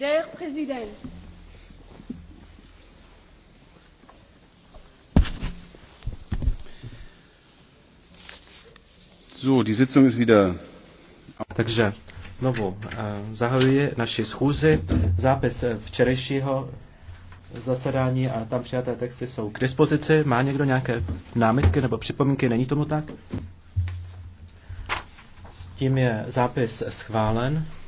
Der Präsident. So, die Sitzung ist wieder. Takže znovu eh, zahajuji naši schůzi. Zápis eh, včerejšího zasedání a tam přijaté texty jsou k dispozici. Má někdo nějaké námitky nebo připomínky? Není tomu tak? Tím je zápis schválen.